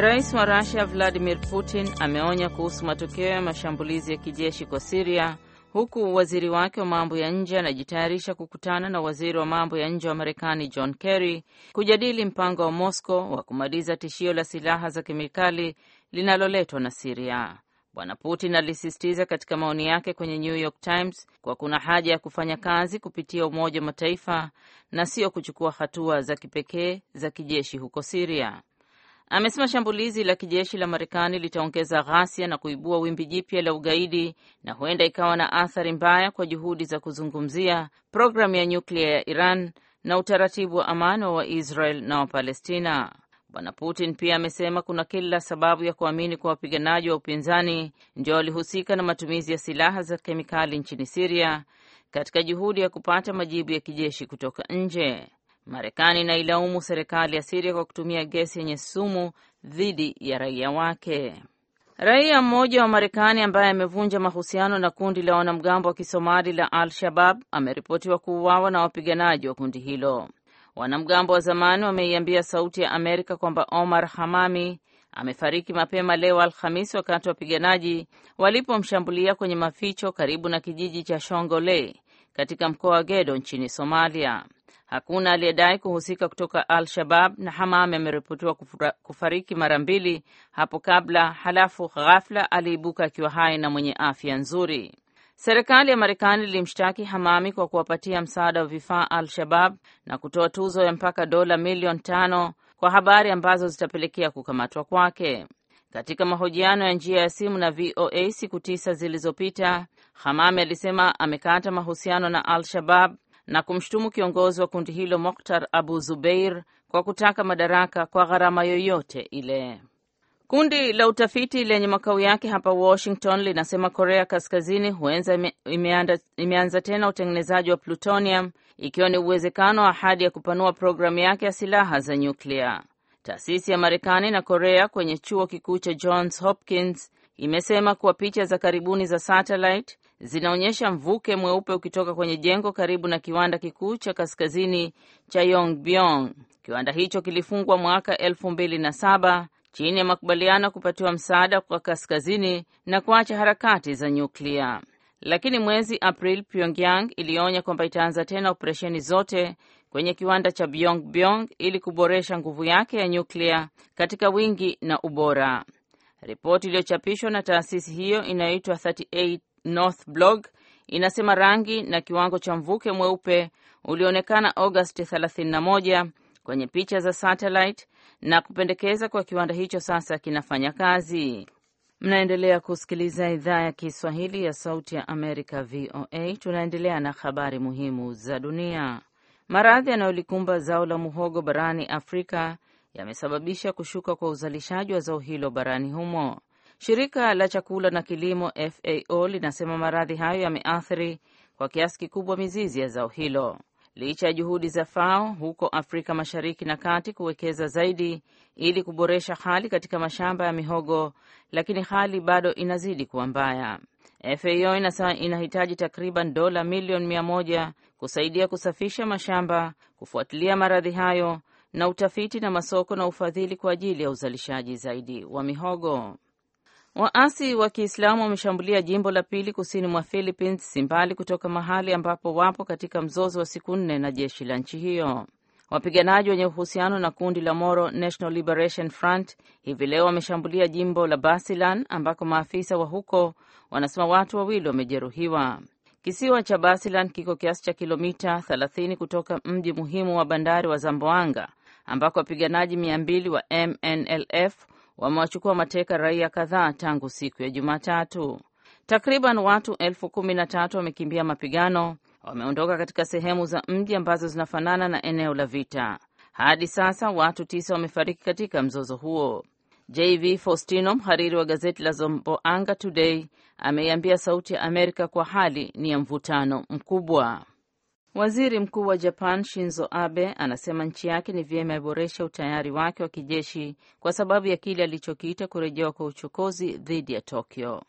Rais wa Rusia Vladimir Putin ameonya kuhusu matokeo ya mashambulizi ya kijeshi kwa Siria, huku waziri wake wa mambo ya nje anajitayarisha kukutana na waziri wa mambo ya nje wa Marekani John Kerry kujadili mpango wa Moscow wa kumaliza tishio la silaha za kemikali linaloletwa na Siria. Bwana Putin alisisitiza katika maoni yake kwenye New York Times kuwa kuna haja ya kufanya kazi kupitia Umoja wa Mataifa na sio kuchukua hatua za kipekee za kijeshi huko Siria. Amesema shambulizi la kijeshi la Marekani litaongeza ghasia na kuibua wimbi jipya la ugaidi na huenda ikawa na athari mbaya kwa juhudi za kuzungumzia programu ya nyuklia ya Iran na utaratibu wa amani wa waisrael na Wapalestina. Bwana Putin pia amesema kuna kila sababu ya kuamini kwa wapiganaji wa upinzani ndio walihusika na matumizi ya silaha za kemikali nchini Siria katika juhudi ya kupata majibu ya kijeshi kutoka nje. Marekani inailaumu serikali ya Siria kwa kutumia gesi yenye sumu dhidi ya raia wake. Raia mmoja wa Marekani ambaye amevunja mahusiano na kundi la wanamgambo wa kisomali la Al-Shabab ameripotiwa kuuawa na wapiganaji wa kundi hilo. Wanamgambo wa zamani wameiambia Sauti ya Amerika kwamba Omar Hamami amefariki mapema leo Alhamisi wakati wapiganaji walipomshambulia kwenye maficho karibu na kijiji cha Shongole katika mkoa wa Gedo nchini Somalia. Hakuna aliyedai kuhusika kutoka Al-Shabab na Hamami ameripotiwa kufariki mara mbili hapo kabla, halafu ghafla aliibuka akiwa hai na mwenye afya nzuri. Serikali ya Marekani ilimshtaki Hamami kwa kuwapatia msaada wa vifaa Al-Shabab na kutoa tuzo ya mpaka dola milioni tano kwa habari ambazo zitapelekea kukamatwa kwake. Katika mahojiano ya njia ya simu na VOA siku tisa zilizopita, Hamami alisema amekata mahusiano na Al-Shabab na kumshutumu kiongozi wa kundi hilo Moktar Abu Zubeir kwa kutaka madaraka kwa gharama yoyote ile. Kundi la utafiti lenye makao yake hapa Washington linasema Korea Kaskazini huenza ime, imeanza tena utengenezaji wa plutonium ikiwa ni uwezekano wa ahadi ya kupanua programu yake ya silaha za nyuklia. Taasisi ya Marekani na Korea kwenye chuo kikuu cha Johns Hopkins imesema kuwa picha za karibuni za satellite zinaonyesha mvuke mweupe ukitoka kwenye jengo karibu na kiwanda kikuu cha kaskazini cha Yongbyon. Kiwanda hicho kilifungwa mwaka elfu mbili na saba chini ya makubaliano ya kupatiwa msaada kwa kaskazini na kuacha harakati za nyuklia. Lakini mwezi Aprili, Pyongyang ilionya kwamba itaanza tena operesheni zote kwenye kiwanda cha byong ili kuboresha nguvu yake ya nyuklia katika wingi na ubora. Ripoti iliyochapishwa na taasisi hiyo inayoitwa North Blog inasema rangi na kiwango cha mvuke mweupe ulioonekana Agosti 31 kwenye picha za satellite na kupendekeza kwa kiwanda hicho sasa kinafanya kazi. Mnaendelea kusikiliza idhaa ya Kiswahili ya Sauti ya Amerika, VOA. Tunaendelea na habari muhimu za dunia. Maradhi yanayolikumba zao la muhogo barani Afrika yamesababisha kushuka kwa uzalishaji wa zao hilo barani humo. Shirika la chakula na kilimo FAO linasema maradhi hayo yameathiri kwa kiasi kikubwa mizizi ya zao hilo. Licha ya juhudi za FAO huko Afrika Mashariki na Kati kuwekeza zaidi ili kuboresha hali katika mashamba ya mihogo, lakini hali bado inazidi kuwa mbaya. FAO inasema inahitaji takriban dola milioni mia moja kusaidia kusafisha mashamba, kufuatilia maradhi hayo na utafiti na masoko na ufadhili kwa ajili ya uzalishaji zaidi wa mihogo. Waasi wa Kiislamu wameshambulia jimbo la pili kusini mwa Philippines, si mbali kutoka mahali ambapo wapo katika mzozo wa siku nne na jeshi la nchi hiyo. Wapiganaji wenye uhusiano na kundi la Moro National Liberation Front hivi leo wameshambulia jimbo la Basilan ambako maafisa wa huko wanasema watu wawili wamejeruhiwa. Kisiwa cha Basilan kiko kiasi cha kilomita 30 kutoka mji muhimu wa bandari wa Zamboanga ambako wapiganaji 200 wa MNLF wamewachukua mateka raia kadhaa tangu siku ya Jumatatu. Takriban watu elfu kumi na tatu wamekimbia mapigano, wameondoka katika sehemu za mji ambazo zinafanana na eneo la vita. Hadi sasa watu tisa wamefariki katika mzozo huo. JV Faustino, mhariri wa gazeti la zomboanga Today, ameiambia Sauti ya Amerika kwa hali ni ya mvutano mkubwa. Waziri Mkuu wa Japan Shinzo Abe anasema nchi yake ni vyema iboresha utayari wake wa kijeshi kwa sababu ya kile alichokiita kurejewa kwa uchokozi dhidi ya Tokyo.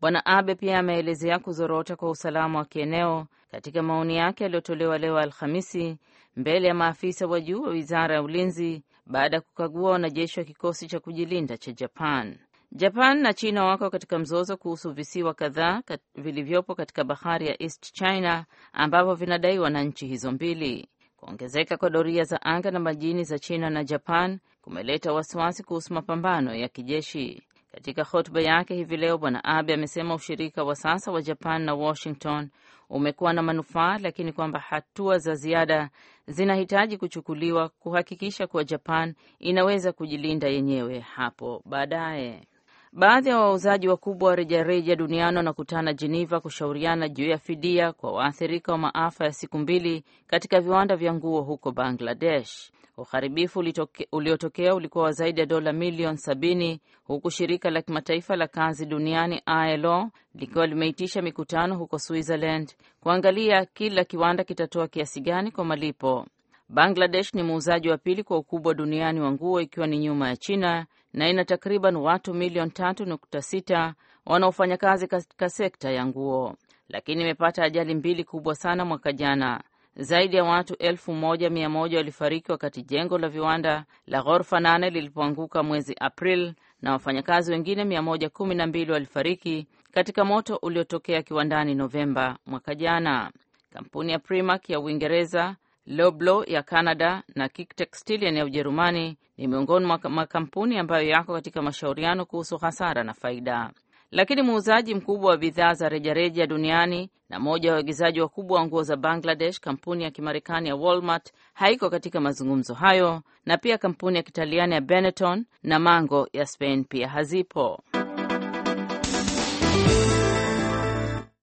Bwana Abe pia ameelezea kuzorota kwa usalama wa kieneo katika maoni yake yaliyotolewa leo Alhamisi mbele ya maafisa wa juu wa wizara ya ulinzi baada ya kukagua wanajeshi wa kikosi cha kujilinda cha Japan. Japan na China wako katika mzozo kuhusu visiwa kadhaa kat, vilivyopo katika bahari ya East China ambavyo vinadaiwa na nchi hizo mbili. Kuongezeka kwa doria za anga na majini za China na Japan kumeleta wasiwasi kuhusu mapambano ya kijeshi. Katika hotuba yake hivi leo, Bwana Abe amesema ushirika wa sasa wa Japan na Washington umekuwa na manufaa, lakini kwamba hatua za ziada zinahitaji kuchukuliwa kuhakikisha kuwa Japan inaweza kujilinda yenyewe hapo baadaye. Baadhi ya wauzaji wakubwa wa rejareja duniani wanakutana Geneva kushauriana juu ya fidia kwa waathirika wa maafa ya siku mbili katika viwanda vya nguo huko Bangladesh. Uharibifu uliotokea ulikuwa wa zaidi ya dola milioni sabini huku shirika la kimataifa la kazi duniani ILO likiwa limeitisha mikutano huko Switzerland kuangalia kila kiwanda kitatoa kiasi gani kwa malipo. Bangladesh ni muuzaji wa pili kwa ukubwa duniani wa nguo ikiwa ni nyuma ya China na ina takriban watu milioni sita wanaofanya kazi katika sekta ya nguo, lakini imepata ajali mbili kubwa sana mwaka jana. Zaidi ya watu moja walifariki wakati jengo la viwanda la ghorofa 8 lilipoanguka mwezi April na wafanyakazi wengine mbili walifariki katika moto uliotokea kiwandani Novemba mwaka jana. Kampuni ya Primark ya Uingereza loblo ya Canada na kik Textilian ya Ujerumani ni miongoni mwa makampuni ambayo yako katika mashauriano kuhusu hasara na faida, lakini muuzaji mkubwa wa bidhaa za rejareja duniani na mmoja wa wawekezaji wakubwa wa nguo za Bangladesh, kampuni ya Kimarekani ya Walmart haiko katika mazungumzo hayo, na pia kampuni ya Kitaliani ya Benetton na Mango ya Spain pia hazipo.